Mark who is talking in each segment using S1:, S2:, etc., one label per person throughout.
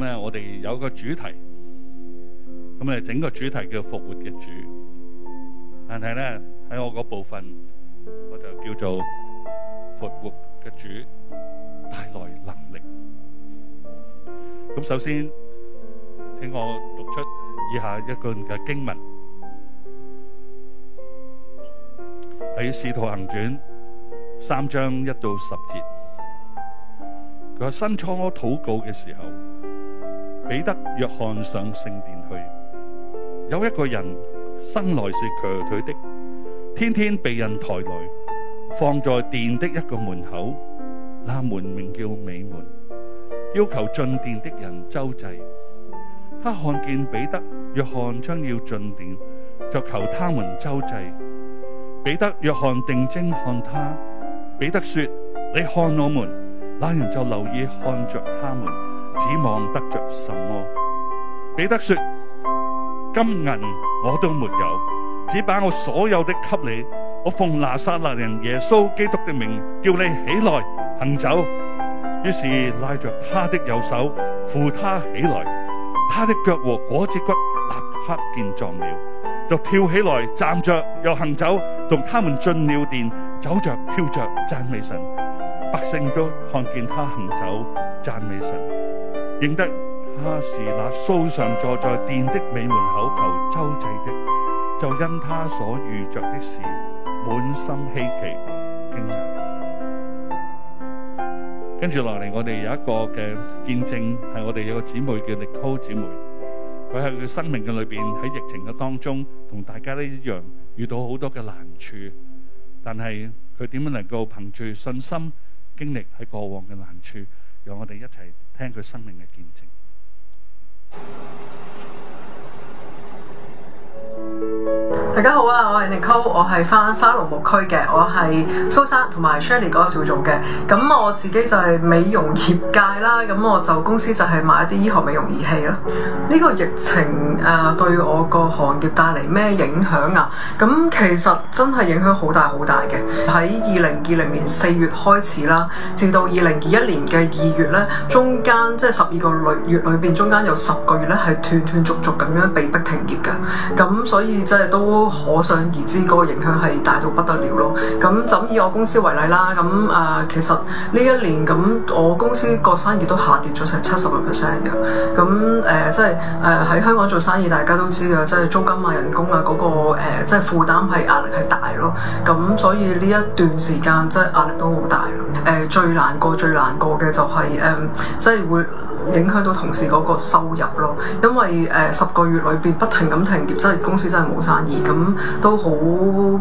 S1: 咁啊，我哋有個主題，咁啊，整個主題叫復活嘅主。但係咧喺我嗰部分，我就叫做復活嘅主帶來能力。咁首先，請我讀出以下一段嘅經文喺《使徒行傳》三章一到十節。佢話申初禱告嘅時候。彼得、約翰上聖殿去，有一個人生來是瘸腿的，天天被人抬來放在殿的一個門口，那門名叫美門，要求進殿的人周濟。他看見彼得、約翰將要進殿，就求他們周濟。彼得、約翰定睛看他，彼得說：你看我們，那人就留意看着他們。只望得着什麼？彼得說：金銀我都沒有，只把我所有的給你。我奉拿撒勒人耶穌基督的名叫你起來行走。於是拉着他的右手扶他起來，他的腳和踝子骨立刻健壯了，就跳起來站着又行走，同他們進了殿，走着跳着讚美神。百姓都看見他行走讚美神。認得他是那素常坐在殿的美門口求周濟的，就因他所遇着的事，滿心希奇驚訝。跟住落嚟，我哋有一個嘅見證，係我哋有個姊妹叫 Nicole 姊妹，佢喺佢生命嘅裏邊喺疫情嘅當中，同大家咧一樣遇到好多嘅難處，但係佢點樣能夠憑住信心經歷喺過往嘅難處，讓我哋一齊。聽佢生命嘅見證。
S2: 大家好啊，我係 Nicole，我係返沙龍木區嘅，我係蘇生同埋 Shelly 嗰個小組嘅。咁我自己就係美容業界啦，咁我就公司就係買一啲醫學美容儀器咯。呢、這個疫情誒、呃、對我個行業帶嚟咩影響啊？咁其實真係影響好大好大嘅。喺二零二零年四月開始啦，至到二零二一年嘅二月咧，中間即係十二個月月裏邊，中間有十個月咧係斷斷續續咁樣被迫停業嘅。咁所所以真係都可想而知，嗰個影響係大到不得了咯。咁就以我公司為例啦。咁啊、呃，其實呢一年咁，我公司個生意都下跌咗成七十個 percent 嘅。咁誒，即係誒喺香港做生意，大家都知噶，即、就、係、是、租金啊、人工啊嗰、嗰個即係、呃就是、負擔係壓力係大咯。咁所以呢一段時間即係、就是、壓力都好大。誒、呃，最難過、最難過嘅就係、是、誒，即、呃、係、就是、會。影響到同事嗰個收入咯，因為誒十、呃、個月裏邊不停咁停業，即係公司真係冇生意，咁都好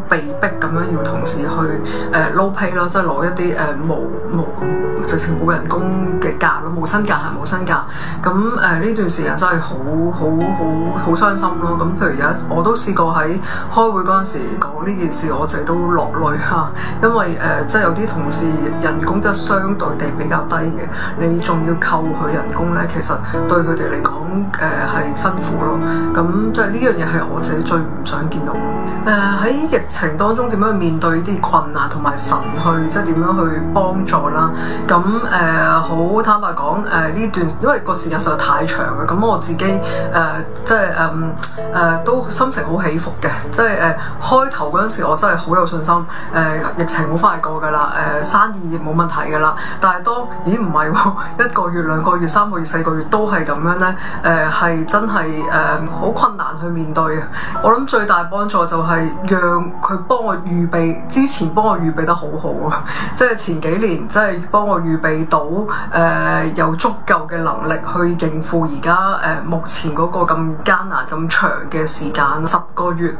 S2: 被逼咁樣要同事去誒 low pay 咯，即係攞一啲誒無無直情冇人工嘅價咯，冇薪價係冇薪價。咁誒呢段時間真係好好好好傷心咯。咁、嗯、譬如有一，我都試過喺開會嗰陣時講呢件事，我自己都落淚嚇，因為誒、呃、即係有啲同事人工真係相對地比較低嘅，你仲要扣佢啊！工咧，其實對佢哋嚟講，誒、呃、係辛苦咯。咁即係呢樣嘢係我自己最唔想見到。誒、呃、喺疫情當中點樣面對啲困難，同埋神去即係點樣去幫助啦？咁誒好坦白講，誒呢段因為個時間實在太長喇，咁我自己誒、呃、即係誒誒都心情好起伏嘅。即係誒開頭嗰陣時，我真係好有信心，誒、呃、疫情好快過㗎啦，誒、呃、生意亦冇問題㗎啦。但係當已經唔係喎，一個月，兩個月。三個月、四個月都係咁樣呢，誒、呃、係真係誒好困難去面對啊！我諗最大幫助就係讓佢幫我預備，之前幫我預備得好好啊！即係前幾年，即係幫我預備到誒、呃、有足夠嘅能力去應付而家誒目前嗰個咁艱難、咁長嘅時間，十個月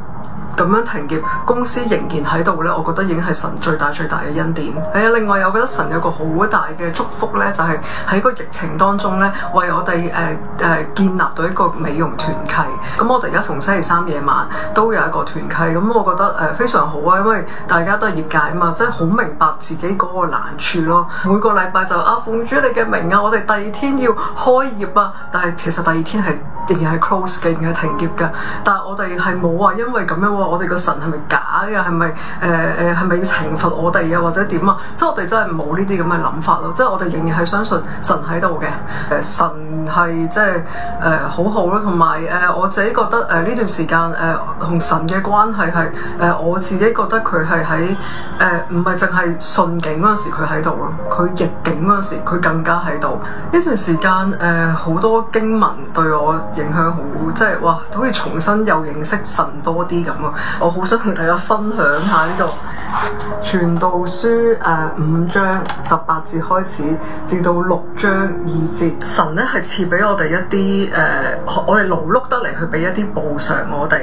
S2: 咁樣停業，公司仍然喺度呢。我覺得已經係神最大、最大嘅恩典。係啊，另外我覺得神有個好大嘅祝福呢，就係、是、喺個疫情當中。咧，為我哋誒誒建立到一個美容團契。咁我哋而家逢星期三夜晚都有一個團契。咁我覺得誒非常好啊，因為大家都係業界啊嘛，真係好明白自己嗰個難處咯。每個禮拜就啊，奉主你嘅名啊，我哋第二天要開業啊，但係其實第二天係。仍然係 close 嘅，仍然係停業㗎。但係我哋係冇話，因為咁樣話，我哋個神係咪假嘅？係咪誒誒係咪要懲罰我哋啊？或者點啊？即係我哋真係冇呢啲咁嘅諗法咯。即係我哋仍然係相信神喺度嘅。誒、呃、神係即係誒好好咯。同埋誒我自己覺得誒呢、呃、段時間誒同神嘅關係係誒我自己覺得佢係喺誒唔係淨係順境嗰陣時佢喺度咯，佢逆境嗰陣時佢更加喺度。呢段時間誒好多經文對我影響好，即係哇，好似重新又認識神多啲咁啊！我好想同大家分享下呢度《傳道書》誒、呃、五章十八節開始至到六章二節。神咧係賜俾我哋一啲誒、呃，我哋勞碌得嚟去俾一啲補償我哋。誒、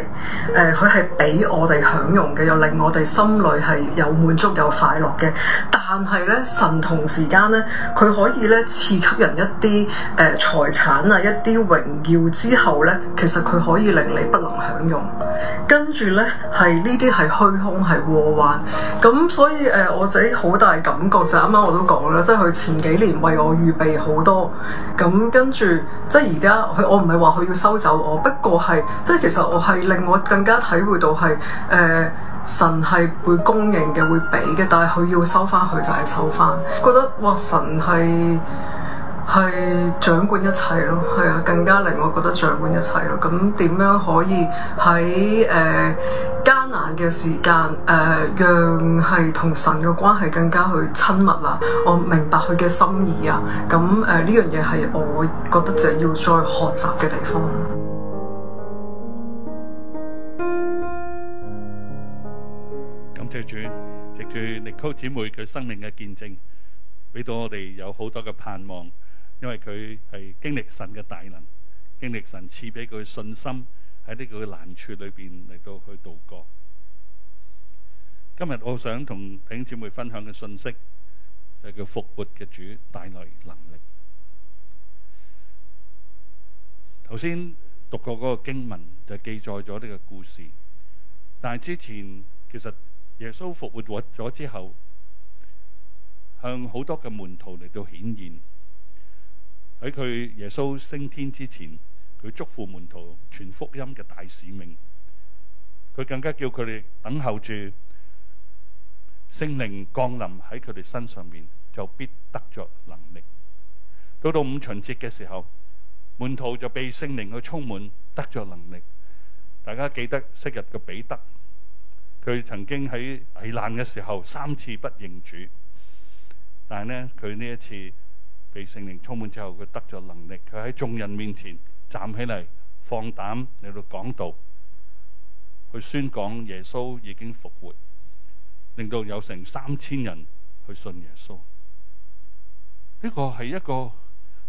S2: 呃，佢係俾我哋享用嘅，又令我哋心裏係有滿足有快樂嘅。但係咧，神同時間咧，佢可以咧賜給人一啲誒、呃、財產啊，一啲榮耀之後咧，其實佢可以令你不能享用，跟住咧係呢啲係虛空係禍患，咁所以誒、呃，我自己好大感覺就啱、是、啱我都講啦，即係佢前幾年為我預備好多，咁跟住即係而家佢我唔係話佢要收走我，不過係即係其實我係令我更加體會到係誒、呃、神係會供應嘅會俾嘅，但係佢要收翻佢就係收翻，覺得哇神係。係掌管一切咯，係啊，更加令我覺得掌管一切咯。咁點樣可以喺誒、呃、艱難嘅時間誒、呃，讓係同神嘅關係更加去親密啊？我明白佢嘅心意啊。咁誒呢樣嘢係我覺得就要再
S3: 學習嘅地方。
S1: 感謝主，藉住力 Q 姊妹佢生命嘅見證，俾到我哋有好多嘅盼望。因為佢係經歷神嘅大能，經歷神賜俾佢信心喺呢個難處裏邊嚟到去度過。今日我想同弟兄姊妹分享嘅信息就係叫復活嘅主帶來能力。頭先讀過嗰個經文就記載咗呢個故事，但係之前其實耶穌復活咗之後，向好多嘅門徒嚟到顯現。喺佢耶穌升天之前，佢祝福門徒傳福音嘅大使命。佢更加叫佢哋等候住聖靈降臨喺佢哋身上面，就必得著能力。到到五旬節嘅時候，門徒就被聖靈去充滿，得著能力。大家記得昔日嘅彼得，佢曾經喺危難嘅時候三次不認主，但係呢，佢呢一次。被聖靈充滿之後，佢得著能力，佢喺眾人面前站起嚟，放膽嚟到講道，去宣講耶穌已經復活，令到有成三千人去信耶穌。呢個係一個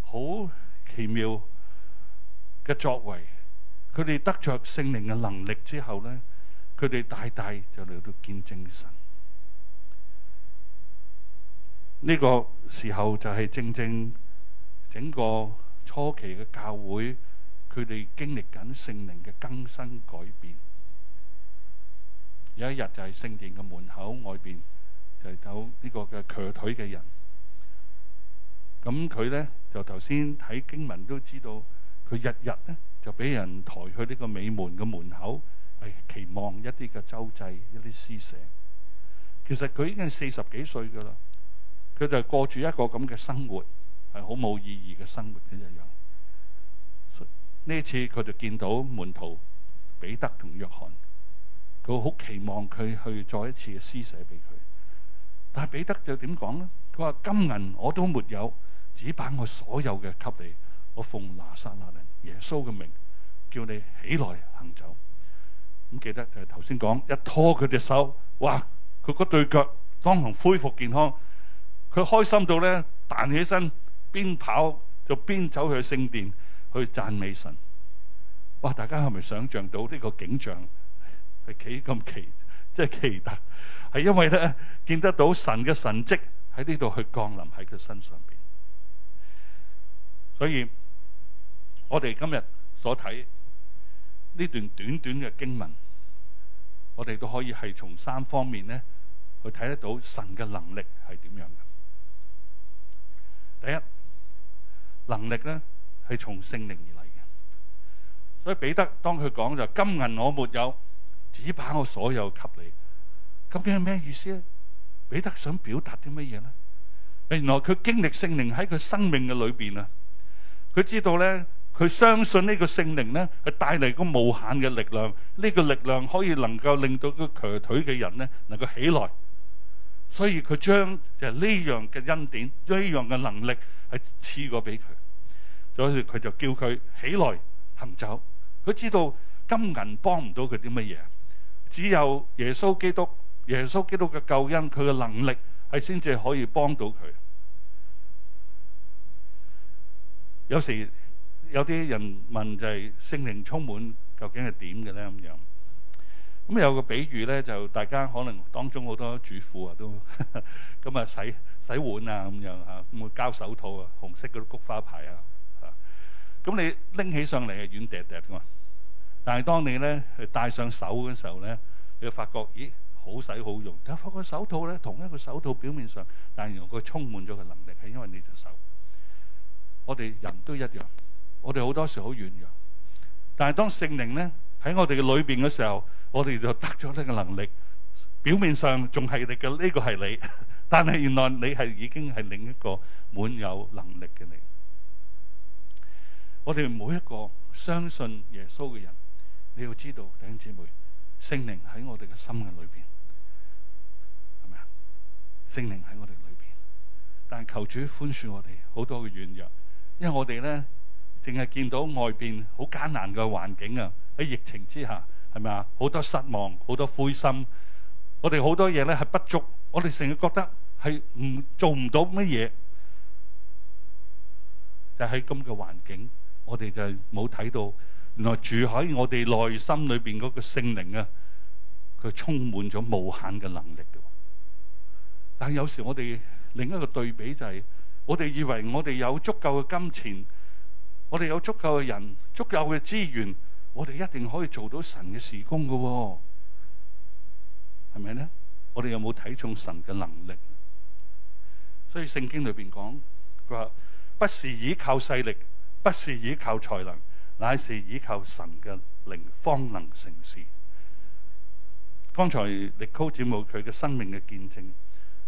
S1: 好奇妙嘅作為。佢哋得著聖靈嘅能力之後咧，佢哋大大就嚟到見證神。呢個時候就係正正整個初期嘅教會，佢哋經歷緊聖靈嘅更新改變。有一日就係聖殿嘅門口外邊，就係、有呢個嘅瘸腿嘅人。咁佢呢，就頭先睇經文都知道，佢日日呢就俾人抬去呢個美門嘅門口，係、哎、期望一啲嘅周濟、一啲施捨。其實佢已經四十幾歲㗎啦。佢就過住一個咁嘅生活，係好冇意義嘅生活嘅一樣。呢次佢就見到門徒彼得同約翰，佢好期望佢去再一次嘅施捨俾佢。但係彼得就點講呢？佢話金銀我都沒有，只把我所有嘅給你。我奉拿撒勒人耶穌嘅名，叫你起來行走。咁記得就係頭先講一拖佢隻手，哇！佢嗰對腳當堂恢復健康。佢開心到咧，彈起身，邊跑就邊走去聖殿去讚美神。哇！大家係咪想象到呢個景象係幾咁奇？即係奇特係因為咧見得到神嘅神跡喺呢度去降臨喺佢身上邊。所以，我哋今日所睇呢段短短嘅經文，我哋都可以係從三方面呢，去睇得到神嘅能力係點樣嘅。第一能力呢係從聖靈而嚟嘅，所以彼得當佢講就金銀我沒有，只把我所有給你，究竟係咩意思呢？彼得想表達啲乜嘢呢？原來佢經歷聖靈喺佢生命嘅裏邊啊，佢知道呢，佢相信呢個聖靈呢係帶嚟一個無限嘅力量，呢個力量可以能夠令到個瘸腿嘅人呢能夠起來。所以佢將就係呢樣嘅恩典，呢樣嘅能力係賜過俾佢，所以佢就叫佢起來行走。佢知道金銀幫唔到佢啲乜嘢，只有耶穌基督，耶穌基督嘅救恩，佢嘅能力係先至可以幫到佢。有時有啲人問就係聖靈充滿究竟係點嘅呢咁樣。咁有個比喻咧，就大家可能當中好多主婦啊，都咁啊洗洗碗啊咁樣嚇，會膠手套啊，紅色嗰啲菊花牌啊嚇。咁你拎起上嚟係軟嗲嗲嘅嘛，但係當你咧係戴上手嗰陣時候咧，你就發覺咦好使好用。但係發覺手套咧，同一個手套表面上，但係原來佢充滿咗個能力係因為你隻手。我哋人都一樣，我哋好多時好軟弱，但係當聖靈咧喺我哋嘅裏邊嘅時候，我哋就得咗呢個能力，表面上仲係你嘅呢個係你，但係原來你係已經係另一個滿有能力嘅你。我哋每一個相信耶穌嘅人，你要知道，弟兄姊妹，聖靈喺我哋嘅心嘅裏邊係咪啊？聖靈喺我哋裏邊，但求主寬恕我哋好多嘅軟弱，因為我哋呢淨係見到外邊好艱難嘅環境啊，喺疫情之下。係咪啊？好多失望，好多灰心。我哋好多嘢咧，係不足，我哋成日覺得係唔做唔到乜嘢。就喺咁嘅環境，我哋就冇睇到，原來住喺我哋內心裏邊嗰個聖靈啊，佢充滿咗無限嘅能力嘅。但係有時我哋另一個對比就係，我哋以為我哋有足夠嘅金錢，我哋有足夠嘅人，足夠嘅資源。我哋一定可以做到神嘅事工㗎喎，係咪呢？我哋有冇睇重神嘅能力？所以聖經裏邊講，佢話不是倚靠勢力，不是倚靠才能，乃是倚靠神嘅靈，方能成事。剛才力高姊妹佢嘅生命嘅見證，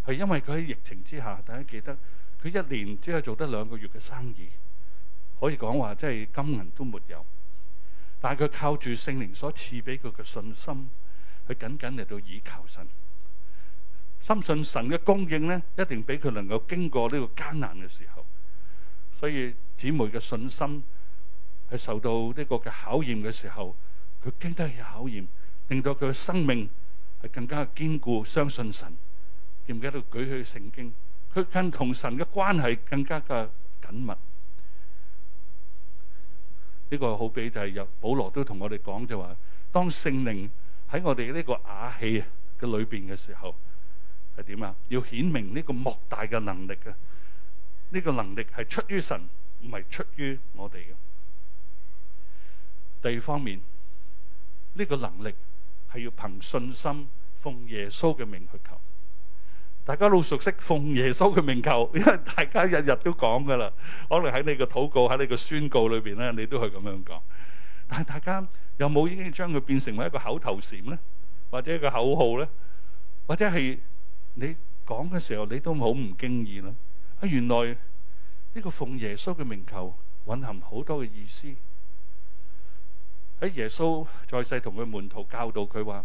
S1: 係因為佢喺疫情之下，大家記得佢一年只係做得兩個月嘅生意，可以講話即係金銀都沒有。但係佢靠住聖靈所賜俾佢嘅信心，係緊緊嚟到倚靠神，深信神嘅供應咧，一定俾佢能夠經過呢個艱難嘅時候。所以姊妹嘅信心係受到呢個嘅考驗嘅時候，佢經得起考驗，令到佢嘅生命係更加嘅堅固，相信神。點解？佢舉起聖經，佢更同神嘅關係更加嘅緊密。呢個好比就係有保羅都同我哋講就話，當聖靈喺我哋呢個瓦器嘅裏邊嘅時候係點啊？要顯明呢個莫大嘅能力嘅，呢、這個能力係出於神，唔係出於我哋嘅。第二方面，呢、這個能力係要憑信心奉耶穌嘅名去求。大家都熟悉奉耶穌嘅名求，因為大家日日都講㗎喇。可能喺你嘅禱告、喺你嘅宣告裏邊咧，你都係咁樣講。但係大家有冇已經將佢變成為一個口頭禪咧，或者一個口號咧，或者係你講嘅時候你都好唔經意啦？啊，原來呢個奉耶穌嘅名求蘊含好多嘅意思。喺耶穌在世同佢門徒教導佢話。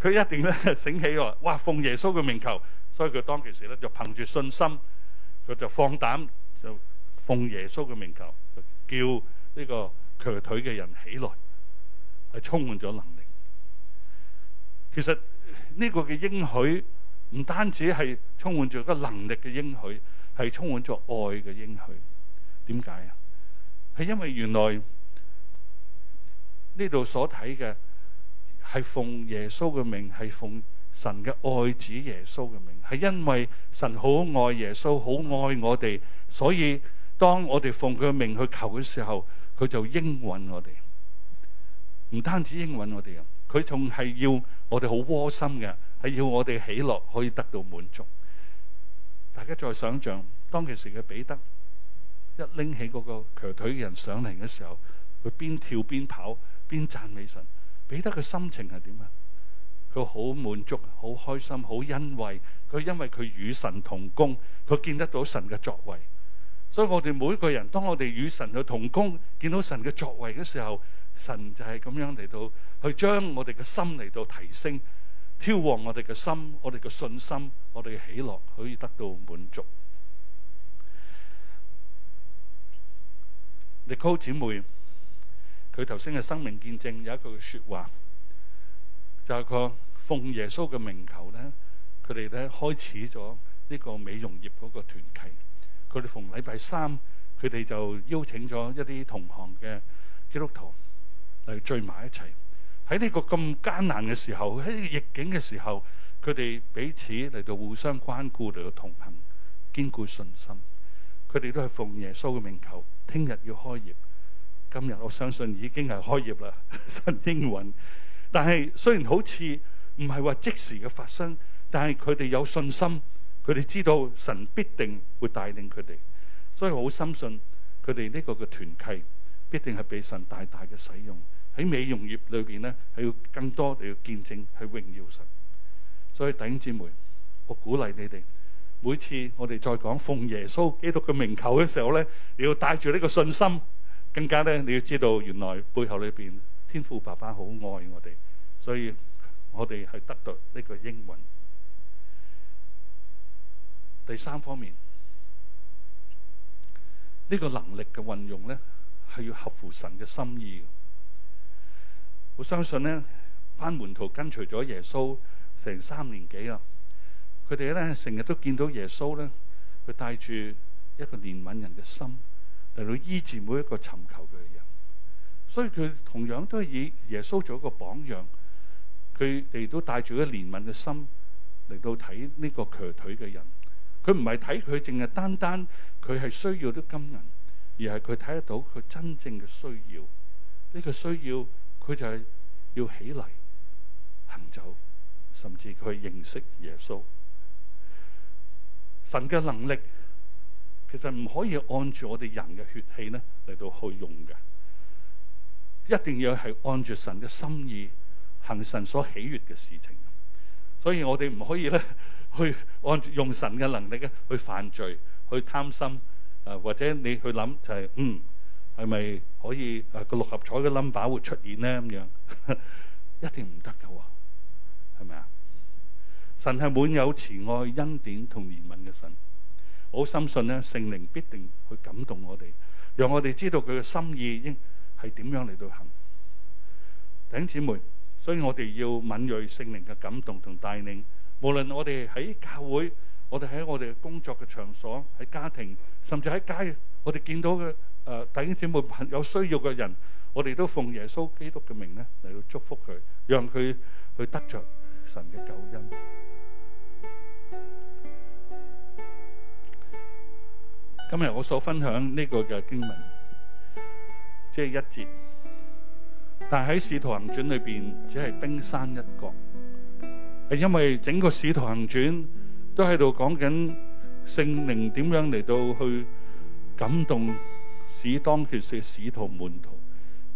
S1: 佢一定咧醒起落，哇！奉耶穌嘅名求，所以佢當其時咧就憑住信心，佢就放膽就奉耶穌嘅名求，叫呢個瘸腿嘅人起來，係充滿咗能力。其實呢個嘅應許唔單止係充滿住個能力嘅應許，係充滿咗愛嘅應許。點解啊？係因為原來呢度所睇嘅。係奉耶穌嘅名，係奉神嘅愛子耶穌嘅名。係因為神好愛耶穌，好愛我哋，所以當我哋奉佢嘅名去求嘅時候，佢就應允我哋。唔單止應允我哋啊，佢仲係要我哋好窩心嘅，係要我哋喜樂可以得到滿足。大家再想像當其時嘅彼得，一拎起嗰個瘸腿嘅人上嚟嘅時候，佢邊跳邊跑，邊讚美神。彼得嘅心情係點啊？佢好滿足，好開心，好欣慰。佢因為佢與神同工，佢見得到神嘅作為。所以我哋每一個人，當我哋與神去同工，見到神嘅作為嘅時候，神就係咁樣嚟到去將我哋嘅心嚟到提升，挑旺我哋嘅心，我哋嘅信心，我哋嘅喜樂可以得到滿足。Nicole 姊妹？佢頭先嘅生命見證有一句説話，就係個奉耶穌嘅名求咧，佢哋咧開始咗呢個美容業嗰個團契。佢哋逢禮拜三，佢哋就邀請咗一啲同行嘅基督徒嚟聚埋一齊。喺呢個咁艱難嘅時候，喺呢個逆境嘅時候，佢哋彼此嚟到互相關顧，嚟到同行，堅固信心。佢哋都係奉耶穌嘅名求，聽日要開業。今日我相信已經係開業啦，神應允。但係雖然好似唔係話即時嘅發生，但係佢哋有信心，佢哋知道神必定會帶領佢哋，所以我好深信佢哋呢個嘅團契必定係被神大大嘅使用喺美容業裏邊咧，係要更多嚟要見證係榮耀神。所以弟兄姊妹，我鼓勵你哋每次我哋再講奉耶穌基督嘅名求嘅時候咧，你要帶住呢個信心。更加咧，你要知道，原來背後裏邊天父爸爸好愛我哋，所以我哋係得到呢個應允。第三方面，呢個能力嘅運用呢，係要合乎神嘅心意。我相信呢，班門徒跟隨咗耶穌成三年幾啊，佢哋呢，成日都見到耶穌呢，佢帶住一個憐憫人嘅心。嚟到醫治每一個尋求嘅人，所以佢同樣都係以耶穌做一個榜樣，佢哋都帶住一憐憫嘅心嚟到睇呢個瘸腿嘅人，佢唔係睇佢淨係單單佢係需要啲金銀，而係佢睇得到佢真正嘅需要，呢個需要佢就係要起嚟行走，甚至佢認識耶穌，神嘅能力。其實唔可以按住我哋人嘅血氣咧嚟到去用嘅，一定要係按住神嘅心意行神所喜悅嘅事情。所以我哋唔可以咧去按住用神嘅能力咧去犯罪、去貪心，誒、呃、或者你去諗就係、是、嗯係咪可以誒個、呃、六合彩嘅 number 會出現呢？」咁樣？ 一定唔得嘅喎，係咪啊？神係滿有慈愛、恩典同憐憫嘅神。我好深信咧，聖靈必定去感動我哋，讓我哋知道佢嘅心意應係點樣嚟到行。弟兄姊妹，所以我哋要敏鋭聖靈嘅感動同帶領，無論我哋喺教會，我哋喺我哋嘅工作嘅場所，喺家庭，甚至喺街，我哋見到嘅誒弟兄姊妹有需要嘅人，我哋都奉耶穌基督嘅名咧嚟到祝福佢，讓佢去得著神嘅救恩。今日我所分享呢個嘅經文，即係一節，但係喺《使徒行傳》裏邊只係冰山一角，係因為整個《使徒行傳》都喺度講緊聖靈點樣嚟到去感動使當時使徒門徒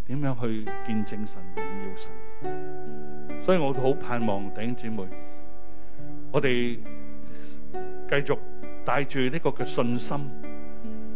S1: 點樣去見證神、榮耀神，所以我都好盼望弟兄姊妹，我哋繼續帶住呢個嘅信心。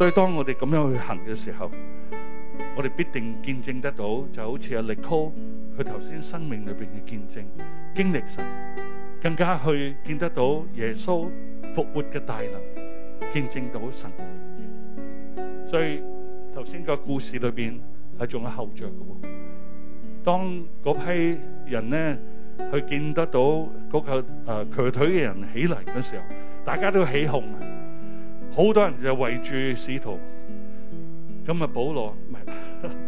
S1: 所以當我哋咁樣去行嘅時候，我哋必定見證得到，就好似阿力柯佢頭先生命裏邊嘅見證經歷神，更加去見得到耶穌復活嘅大能，見證到神。所以頭先個故事裏邊係仲有後著嘅，當嗰批人呢去見得到嗰個誒瘸腿嘅人起嚟嘅時候，大家都起哄。好多人就圍住使徒，咁啊保羅唔係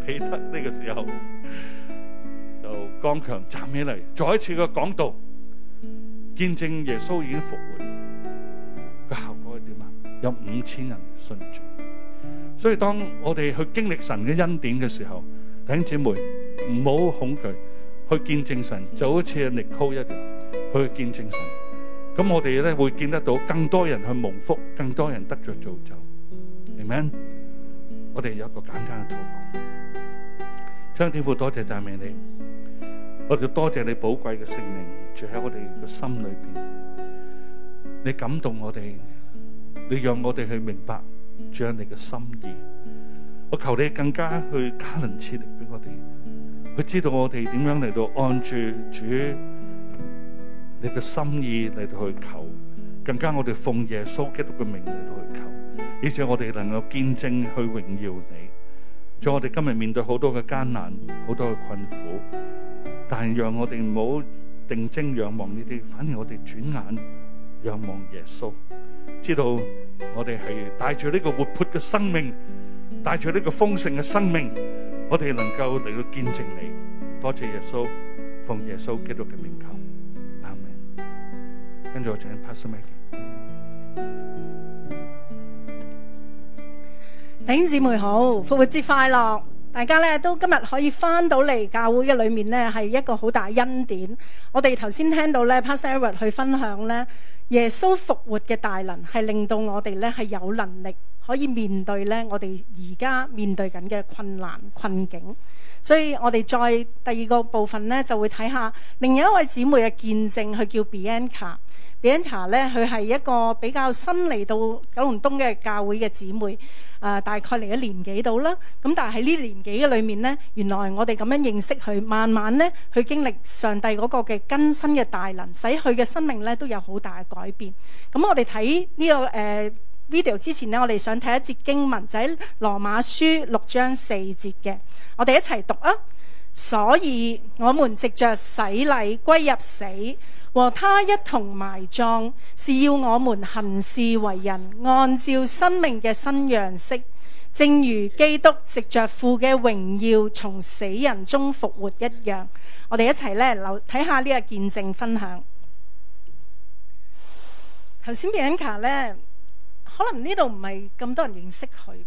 S1: 彼得呢個時候就剛強站起嚟，再一次嘅講道見證耶穌已經復活，個效果係點啊？有五千人信主，所以當我哋去經歷神嘅恩典嘅時候，弟兄姊妹唔好恐懼去見證神，就好似阿尼哥一樣去見證神。咁我哋咧會見得到更多人去蒙福，更多人得着造就，明唔明？我哋有一個簡單嘅禱告。張天父多謝讚美你，我哋多謝你寶貴嘅性命住喺我哋嘅心裏邊。你感動我哋，你讓我哋去明白主人你嘅心意。我求你更加去加恩賜嚟俾我哋，去知道我哋點樣嚟到按住主，你嘅心意嚟到去求，更加我哋奉耶穌基督嘅名嚟到去求，以致我哋能夠見證去榮耀你。在我哋今日面對好多嘅艱難、好多嘅困苦，但係讓我哋唔好定睛仰望呢啲，反而我哋轉眼仰望耶穌，知道我哋係帶住呢個活潑嘅生命，帶住呢個豐盛嘅生命，我哋能夠嚟到見證你。多謝耶穌，奉耶穌基督嘅名求。跟住我請 Pastor Mike。
S4: 弟兄姊妹好，復活節快樂！大家咧都今日可以翻到嚟教會嘅裏面咧，係一個好大恩典。我哋頭先聽到咧 Pastor Edward 去分享咧，耶穌復活嘅大能係令到我哋咧係有能力可以面對咧我哋而家面對緊嘅困難困境。所以我哋再第二個部分咧就會睇下另一位姊妹嘅見證，佢叫 Bianca。b e n t a 咧，佢係一個比較新嚟到九龍東嘅教會嘅姊妹，啊、呃，大概嚟一年幾到啦。咁但係喺呢年幾嘅裏面呢，原來我哋咁樣認識佢，慢慢呢，佢經歷上帝嗰個嘅更新嘅大能，使佢嘅生命呢都有好大嘅改變。咁、嗯、我哋睇呢個誒、呃、video 之前呢，我哋想睇一節經文，就喺、是、羅馬書六章四節嘅。我哋一齊讀啊！所以我們藉着洗禮歸入死。和他一同埋葬，是要我們行事為人，按照生命嘅新樣式，正如基督藉着父嘅榮耀從死人中復活一樣。我哋一齊咧留睇下呢個見證分享。頭先 Bianca 咧，可能呢度唔係咁多人認識佢，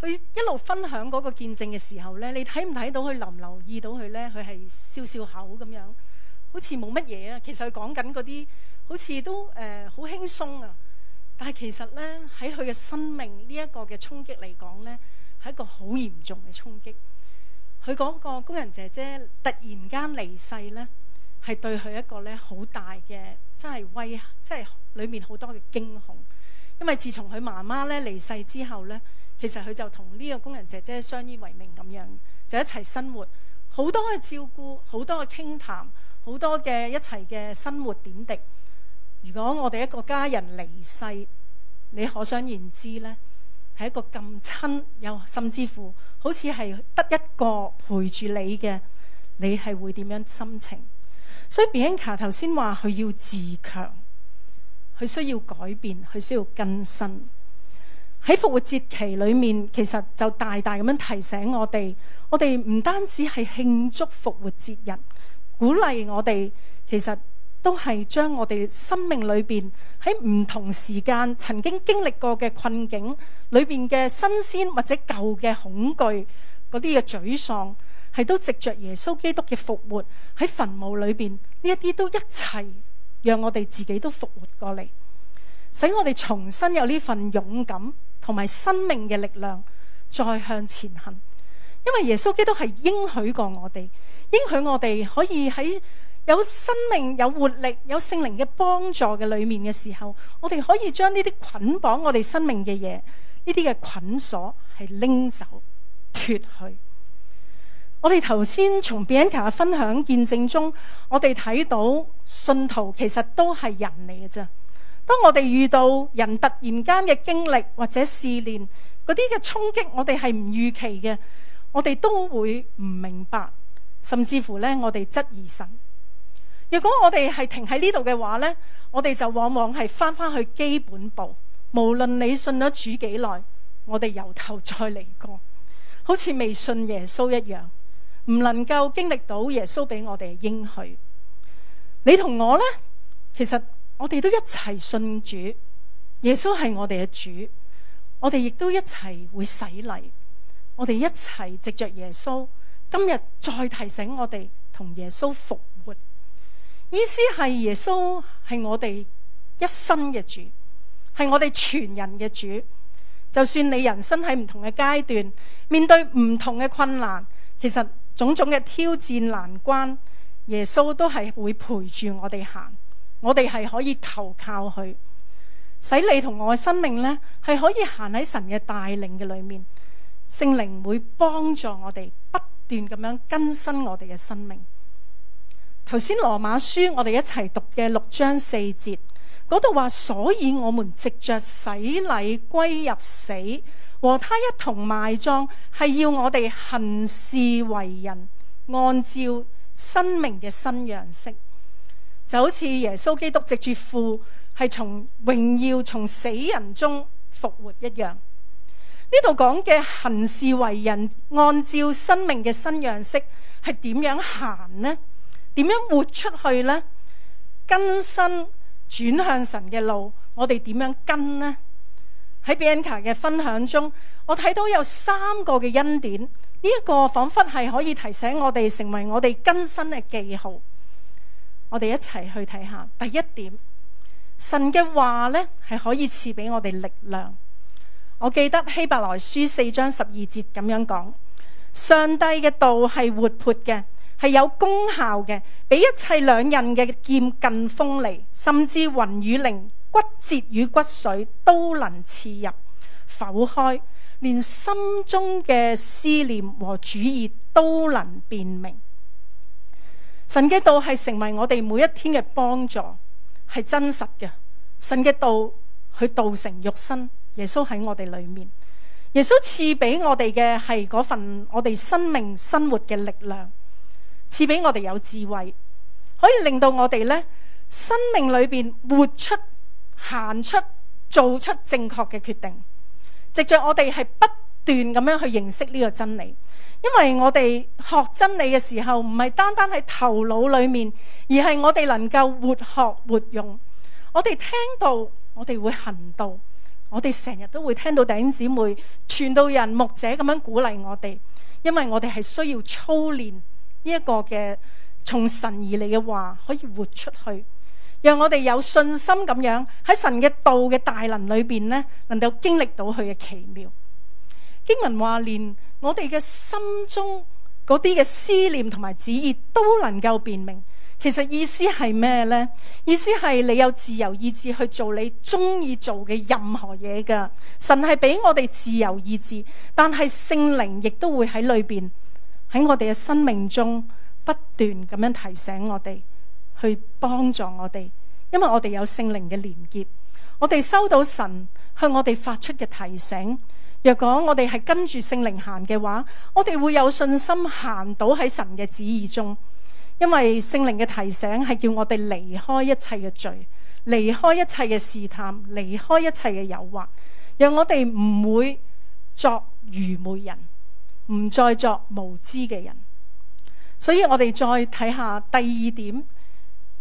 S4: 佢一路分享嗰個見證嘅時候咧，你睇唔睇到佢，留唔留意到佢咧？佢係笑笑口咁樣。好似冇乜嘢啊，其實佢講緊嗰啲好似都誒好輕鬆啊。但係其實呢，喺佢嘅生命呢一個嘅衝擊嚟講呢，係一個好嚴重嘅衝擊。佢嗰個工人姐姐突然間離世呢，係對佢一個呢好大嘅，真係威，真係裏面好多嘅驚恐。因為自從佢媽媽呢離世之後呢，其實佢就同呢個工人姐姐相依為命咁樣，就一齊生活好多嘅照顧，好多嘅傾談。好多嘅一齊嘅生活點滴，如果我哋一個家人離世，你可想而知呢，係一個咁親，又甚至乎好似係得一個陪住你嘅，你係會點樣心情？所以 Bianca 頭先話佢要自強，佢需要改變，佢需要更新。喺復活節期裏面，其實就大大咁樣提醒我哋，我哋唔單止係慶祝復活節日。鼓勵我哋，其實都係將我哋生命裏邊喺唔同時間曾經經歷過嘅困境裏邊嘅新鮮或者舊嘅恐懼，嗰啲嘅沮喪，係都藉着耶穌基督嘅復活喺墳墓裏邊，呢一啲都一齊讓我哋自己都復活過嚟，使我哋重新有呢份勇敢同埋生命嘅力量，再向前行。因為耶穌基督係應許過我哋，應許我哋可以喺有生命、有活力、有聖靈嘅幫助嘅裏面嘅時候，我哋可以將呢啲捆綁我哋生命嘅嘢，呢啲嘅捆鎖係拎走脫去。我哋頭先從 Bianca 嘅分享見證中，我哋睇到信徒其實都係人嚟嘅。啫，當我哋遇到人突然間嘅經歷或者試煉嗰啲嘅衝擊，我哋係唔預期嘅。我哋都會唔明白，甚至乎呢，我哋質疑神。如果我哋係停喺呢度嘅話呢，我哋就往往係翻返去基本步。無論你信咗主幾耐，我哋由頭再嚟過，好似未信耶穌一樣，唔能夠經歷到耶穌俾我哋嘅應許。你同我呢？其實我哋都一齊信主，耶穌係我哋嘅主，我哋亦都一齊會洗禮。我哋一齊藉着耶穌今日再提醒我哋同耶穌復活，意思係耶穌係我哋一生嘅主，係我哋全人嘅主。就算你人生喺唔同嘅階段，面對唔同嘅困難，其實種種嘅挑戰難關，耶穌都係會陪住我哋行。我哋係可以求靠佢，使你同我嘅生命呢，係可以行喺神嘅帶領嘅裏面。聖靈會幫助我哋不斷咁樣更新我哋嘅生命。頭先羅馬書我哋一齊讀嘅六章四節，嗰度話，所以我們藉着洗禮歸入死，和他一同埋葬，係要我哋行事為人，按照生命嘅新樣式，就好似耶穌基督藉住父，係從榮耀從死人中復活一樣。呢度講嘅行事為人，按照生命嘅新樣式，係點樣行呢？點樣活出去呢？更新轉向神嘅路，我哋點樣跟呢？喺 Bianca 嘅分享中，我睇到有三個嘅恩典，呢、這、一個仿佛係可以提醒我哋成為我哋更新嘅記號。我哋一齊去睇下。第一點，神嘅話呢，係可以賜俾我哋力量。我記得希伯來書四章十二節咁樣講：上帝嘅道係活潑嘅，係有功效嘅，比一切兩刃嘅劍更鋒利，甚至魂與靈、骨節與骨髓都能刺入、剖開，連心中嘅思念和主意都能辨明。神嘅道係成為我哋每一天嘅幫助，係真實嘅。神嘅道去道成肉身。耶穌喺我哋裏面，耶穌賜俾我哋嘅係嗰份我哋生命生活嘅力量，賜俾我哋有智慧，可以令到我哋咧生命裏邊活出、行出、做出正確嘅決定。藉着我哋係不斷咁樣去認識呢個真理，因為我哋學真理嘅時候唔係單單喺頭腦裏面，而係我哋能夠活學活用。我哋聽道，我哋會行道。我哋成日都會聽到弟兄姊妹、傳道人、牧者咁樣鼓勵我哋，因為我哋係需要操練呢一個嘅從神而嚟嘅話，可以活出去，讓我哋有信心咁樣喺神嘅道嘅大能裏邊呢，能夠經歷到佢嘅奇妙。經文話，連我哋嘅心中嗰啲嘅思念同埋旨意都能夠辨明。其實意思係咩呢？意思係你有自由意志去做你中意做嘅任何嘢噶。神係俾我哋自由意志，但係聖靈亦都會喺裏邊喺我哋嘅生命中不斷咁樣提醒我哋，去幫助我哋。因為我哋有聖靈嘅連結，我哋收到神向我哋發出嘅提醒。若果我哋係跟住聖靈行嘅話，我哋會有信心行到喺神嘅旨意中。因為聖靈嘅提醒係叫我哋離開一切嘅罪，離開一切嘅試探，離開一切嘅誘惑，讓我哋唔會作愚昧人，唔再作無知嘅人。所以我哋再睇下第二點，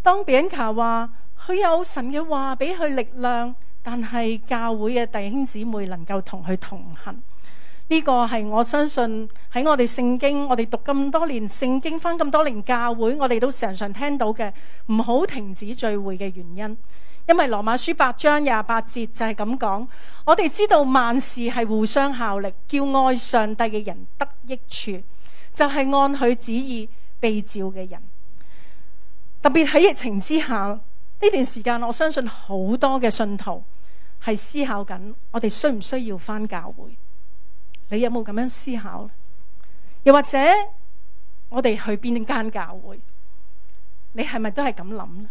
S4: 當 Bianca 話佢有神嘅話俾佢力量，但係教會嘅弟兄姊妹能夠同佢同行。呢個係我相信喺我哋聖經，我哋讀咁多年聖經，翻咁多年教會，我哋都常常聽到嘅。唔好停止聚會嘅原因，因為羅馬書八章廿八節就係咁講。我哋知道萬事係互相效力，叫愛上帝嘅人得益處，就係按佢旨意被召嘅人。特別喺疫情之下呢段時間，我相信好多嘅信徒係思考緊，我哋需唔需要翻教會？你有冇咁樣思考？又或者我哋去邊間教會？你係咪都係咁諗咧？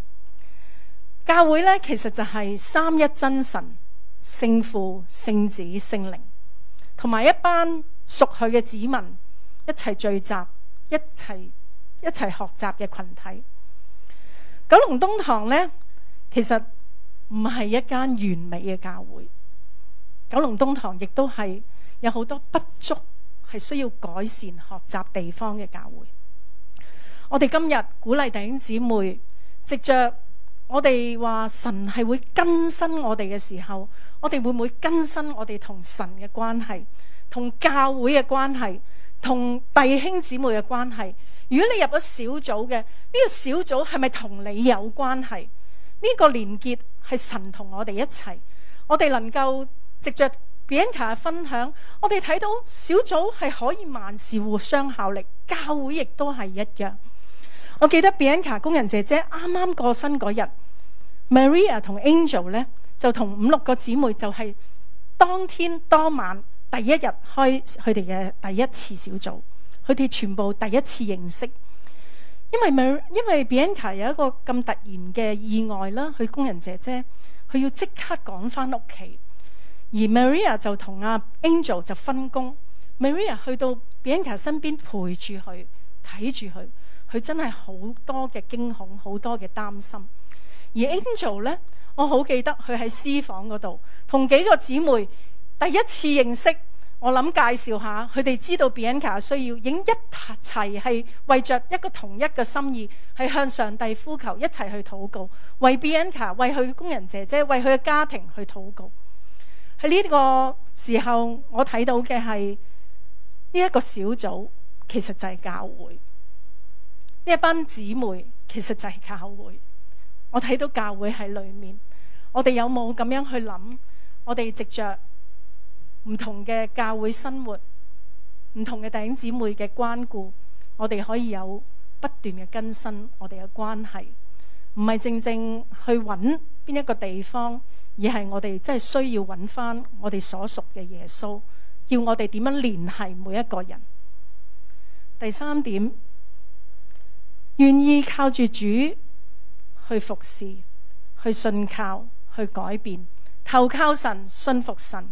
S4: 教會咧，其實就係三一真神、聖父、聖子、聖靈，同埋一班屬佢嘅子民一齊聚集、一齊一齊學習嘅群體。九龍東堂咧，其實唔係一間完美嘅教會。九龍東堂亦都係。有好多不足係需要改善、學習地方嘅教會。我哋今日鼓勵弟兄姊妹，藉着我哋話神係會更新我哋嘅時候，我哋會唔會更新我哋同神嘅關係、同教會嘅關係、同弟兄姊妹嘅關係？如果你入咗小組嘅，呢個小組係咪同你有關係？呢個連結係神同我哋一齊，我哋能夠藉着。Bianca 嘅分享，我哋睇到小組係可以萬事互相效力，教會亦都係一樣。我記得 Bianca 工人姐姐啱啱過身嗰日，Maria 同 Angel 咧就同五六個姊妹就係當天當晚第一日開佢哋嘅第一次小組，佢哋全部第一次認識。因為咪因為 Bianca 有一個咁突然嘅意外啦，佢工人姐姐佢要即刻趕翻屋企。而 Maria 就同阿 Angel 就分工。Maria 去到 Bianca 身邊陪住佢，睇住佢。佢真係好多嘅驚恐，好多嘅擔心。而 Angel 咧，我好記得佢喺私房嗰度同幾個姊妹第一次認識，我諗介紹下佢哋知道 Bianca 需要，影一齊係為着一個同一嘅心意，係向上帝呼求，一齊去禱告，為 Bianca，為佢嘅工人姐姐，為佢嘅家庭去禱告。喺呢個時候，我睇到嘅係呢一個小組，其實就係教會；呢一班姊妹，其實就係教會。我睇到教會喺裏面，我哋有冇咁樣去諗？我哋藉着唔同嘅教會生活、唔同嘅弟兄姊妹嘅關顧，我哋可以有不斷嘅更新，我哋嘅關係唔係正正去揾邊一個地方。而係我哋真係需要揾翻我哋所屬嘅耶穌，要我哋點樣聯繫每一個人。第三點，願意靠住主去服侍、去信靠、去改變、投靠神、信服神。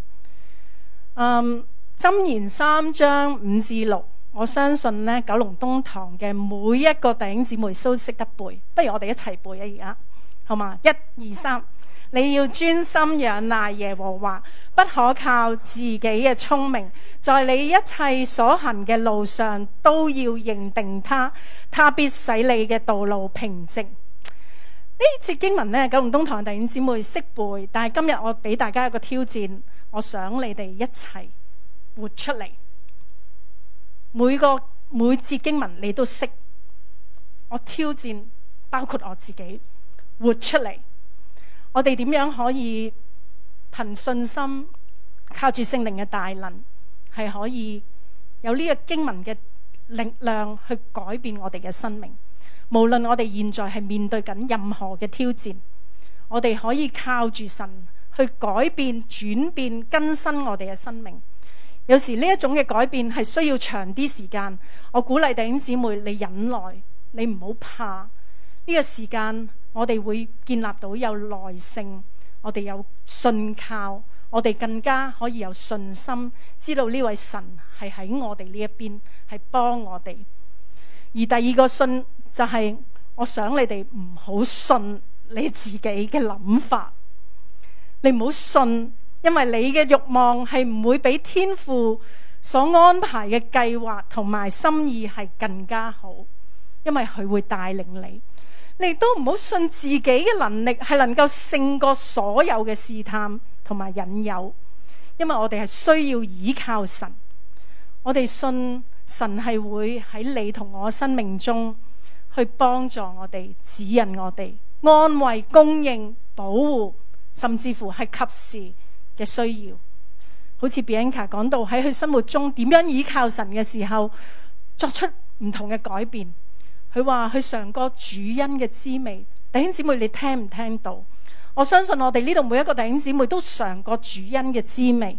S4: 嗯，箴言三章五至六，我相信呢九龍東堂嘅每一個弟兄姊妹都識得背，不如我哋一齊背啊！而家好嘛？一二三。你要專心仰賴耶和華，不可靠自己嘅聰明，在你一切所行嘅路上都要認定他，他必使你嘅道路平靜。呢節經文呢，九龍東堂弟兄姊妹識背，但係今日我俾大家一個挑戰，我想你哋一齊活出嚟。每個每節經文你都識，我挑戰包括我自己，活出嚟。我哋點樣可以憑信心靠住聖靈嘅大能，係可以有呢個經文嘅力量去改變我哋嘅生命。無論我哋現在係面對緊任何嘅挑戰，我哋可以靠住神去改變、轉變、更新我哋嘅生命。有時呢一種嘅改變係需要長啲時間，我鼓勵弟兄姊妹，你忍耐，你唔好怕呢、這個時間。我哋會建立到有耐性，我哋有信靠，我哋更加可以有信心，知道呢位神係喺我哋呢一邊，係幫我哋。而第二個信就係、是，我想你哋唔好信你自己嘅諗法，你唔好信，因為你嘅欲望係唔會畀天父所安排嘅計劃同埋心意係更加好，因為佢會帶領你。你都唔好信自己嘅能力係能夠勝過所有嘅試探同埋引誘，因為我哋係需要依靠神。我哋信神係會喺你同我生命中去幫助我哋、指引我哋、安慰、供應、保護，甚至乎係及時嘅需要。好似 Bianca 講到喺佢生活中點樣依靠神嘅時候，作出唔同嘅改變。佢話佢嘗過主恩嘅滋味，弟兄姊妹，你聽唔聽到？我相信我哋呢度每一個弟兄姊妹都嘗過主恩嘅滋味。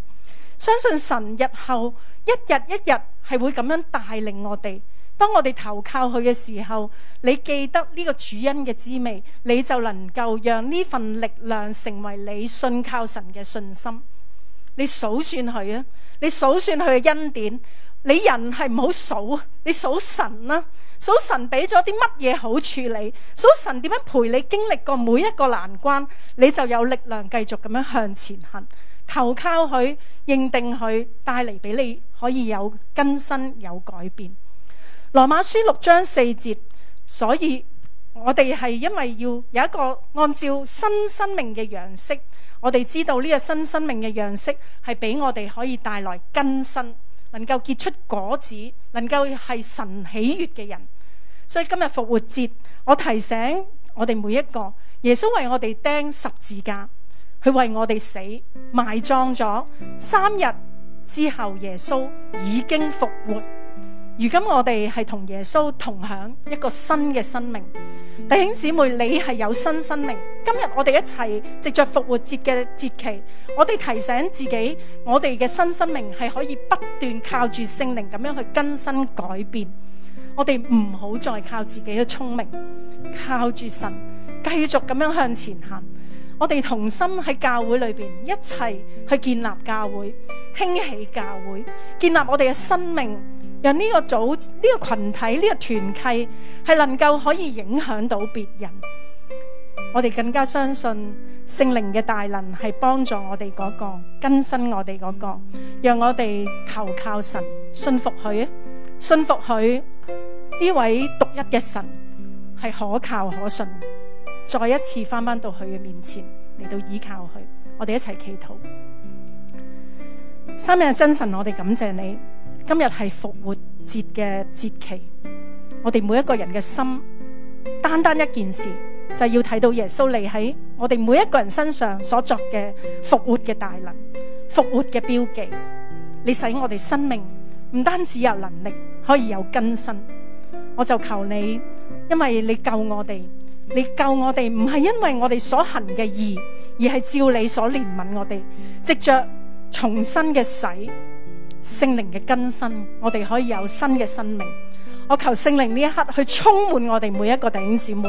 S4: 相信神日後一日一日係會咁樣帶領我哋。當我哋投靠佢嘅時候，你記得呢個主恩嘅滋味，你就能夠讓呢份力量成為你信靠神嘅信心。你數算佢啊，你數算佢嘅恩典。你人係唔好數，你數神啦啊。數神俾咗啲乜嘢好處你，數神點樣陪你經歷過每一個難關，你就有力量繼續咁樣向前行，投靠佢，認定佢帶嚟俾你可以有更新有改變。羅馬書六章四節，所以我哋係因為要有一個按照新生命嘅樣式，我哋知道呢個新生命嘅樣式係俾我哋可以帶來更新。能夠結出果子，能夠係神喜悅嘅人，所以今日復活節，我提醒我哋每一個，耶穌為我哋釘十字架，佢為我哋死，埋葬咗，三日之後耶穌已經復活。如今我哋係同耶穌同享一個新嘅生命，弟兄姊妹，你係有新生命。今日我哋一齊藉着復活節嘅節期，我哋提醒自己，我哋嘅新生命係可以不斷靠住聖靈咁樣去更新改變。我哋唔好再靠自己嘅聰明，靠住神繼續咁樣向前行。我哋同心喺教會裏面一齊去建立教會，興起教會，建立我哋嘅生命。讓呢個組、呢個群體、呢個團契係能夠可以影響到別人，我哋更加相信聖靈嘅大能係幫助我哋嗰個更新我哋嗰個，讓我哋投靠神，信服佢，信服佢呢位獨一嘅神係可靠可信。再一次返返到佢嘅面前嚟到依靠佢，我哋一齊祈禱。三一真神，我哋感謝你。今日係復活節嘅節期，我哋每一個人嘅心，單單一件事，就係要睇到耶穌嚟喺我哋每一個人身上所作嘅復活嘅大能、復活嘅標記。你使我哋生命唔單止有能力，可以有更新。我就求你，因為你救我哋，你救我哋唔係因為我哋所行嘅義，而係照你所憐憫我哋，藉着重生嘅洗。聖靈嘅更新，我哋可以有新嘅生命。我求聖靈呢一刻去充滿我哋每一個弟兄姊妹。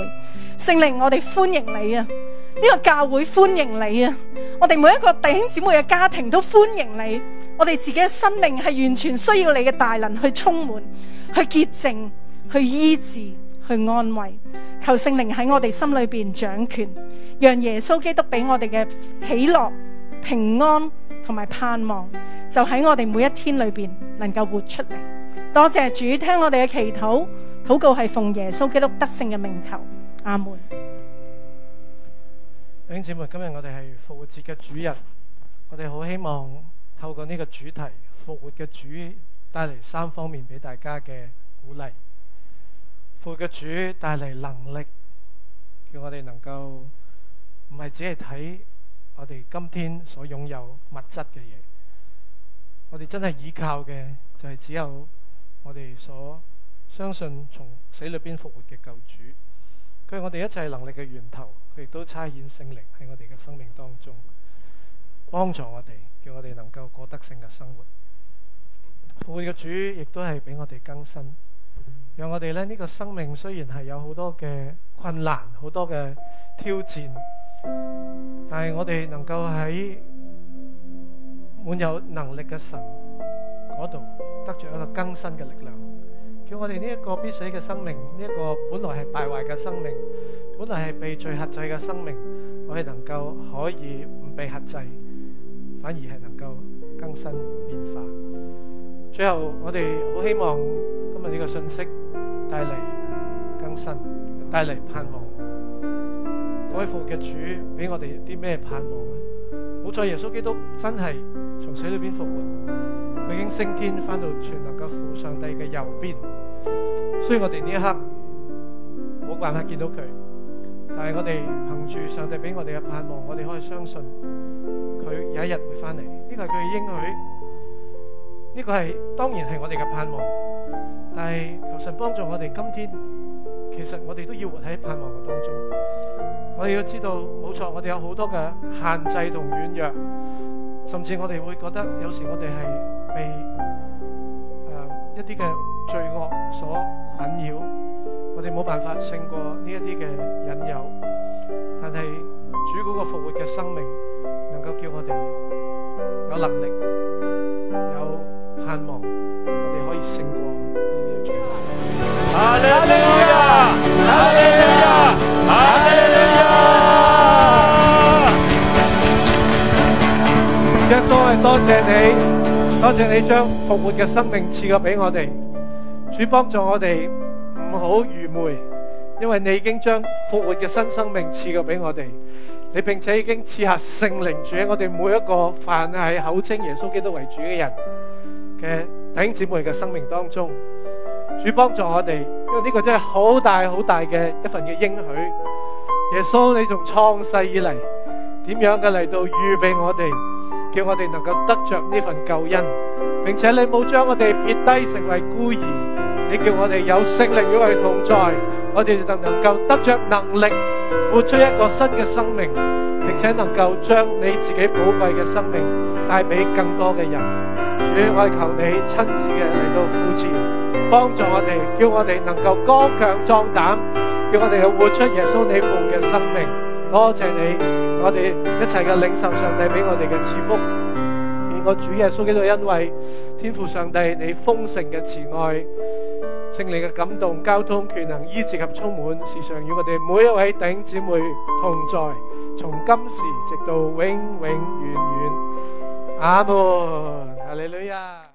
S4: 聖靈，我哋歡迎你啊！呢個教會歡迎你啊！我哋每一個弟兄姊妹嘅家庭都歡迎你。我哋自己嘅生命係完全需要你嘅大能去充滿、去潔淨、去醫治、去安慰。求聖靈喺我哋心裏邊掌權，讓耶穌基督俾我哋嘅喜樂、平安。同埋盼望，就喺我哋每一天裏邊能夠活出嚟。多謝主聽我哋嘅祈禱，禱告係奉耶穌基督得勝嘅名求。阿門。
S3: 弟兄姊妹，今日我哋係復活節嘅主日，我哋好希望透過呢個主題復活嘅主帶嚟三方面俾大家嘅鼓勵。復活嘅主帶嚟能力，叫我哋能夠唔係只係睇。我哋今天所擁有物質嘅嘢，我哋真係依靠嘅就係只有我哋所相信從死裏邊復活嘅救主。佢係我哋一切能力嘅源頭，佢亦都差遣聖靈喺我哋嘅生命當中幫助我哋，叫我哋能夠過得性嘅生活。我哋嘅主亦都係俾我哋更新，讓我哋咧呢、呢個生命雖然係有好多嘅困難，好多嘅挑戰。但係我哋能夠喺滿有能力嘅神嗰度，得着一個更新嘅力量，叫我哋呢一個必死嘅生命，呢一個本來係敗壞嘅生命，本來係被罪轄制嘅生命，我哋能夠可以唔被轄制，反而係能夠更新變化。最後我哋好希望今日呢個訊息帶嚟更新，帶嚟盼望。復活嘅主俾我哋啲咩盼望咧、啊？好在耶穌基督真係從死裏邊復活，佢已經升天翻到全能嘅父上帝嘅右邊。雖然我哋呢一刻冇辦法見到佢，但係我哋憑住上帝俾我哋嘅盼望，我哋可以相信佢有一日會翻嚟。呢、這個係佢嘅應許，呢、這個係當然係我哋嘅盼望。但係求神幫助我哋，今天其實我哋都要活喺盼望嘅當中。我哋要知道，冇錯，我哋有好多嘅限制同軟弱，甚至我哋會覺得有時我哋係被誒、呃、一啲嘅罪惡所困擾，我哋冇辦法勝過呢一啲嘅引誘。但係主嗰個復活嘅生命，能夠叫我哋有能力、有盼望，我哋可以勝過呢啲罪惡。耶穌，多謝你，多謝你將復活嘅生命賜過俾我哋。主幫助我哋唔好愚昧，因為你已經將復活嘅新生命賜過俾我哋。你並且已經賜下聖靈住喺我哋每一個凡係口稱耶穌基督為主嘅人嘅弟兄姊妹嘅生命當中。主幫助我哋，因為呢個真係好大好大嘅一份嘅應許。耶穌，你從創世以嚟點樣嘅嚟到預備我哋？叫我哋能夠得着呢份救恩，並且你冇將我哋撇低成為孤兒，你叫我哋有聖靈與我同在，我哋就能夠得着能力，活出一個新嘅生命，並且能夠將你自己寶貴嘅生命帶俾更多嘅人。所以我求你親自嘅嚟到扶持，幫助我哋，叫我哋能夠剛強壯膽，叫我哋去活出耶穌你父嘅生命。多謝你。我哋一齊嘅領受上帝俾我哋嘅賜福，願我主耶穌基督因為天父上帝你豐盛嘅慈愛、聖靈嘅感動、交通、權能、醫治及充滿，時常與我哋每一位弟兄姊妹同在，從今時直到永永遠遠。阿門。哈利路亞。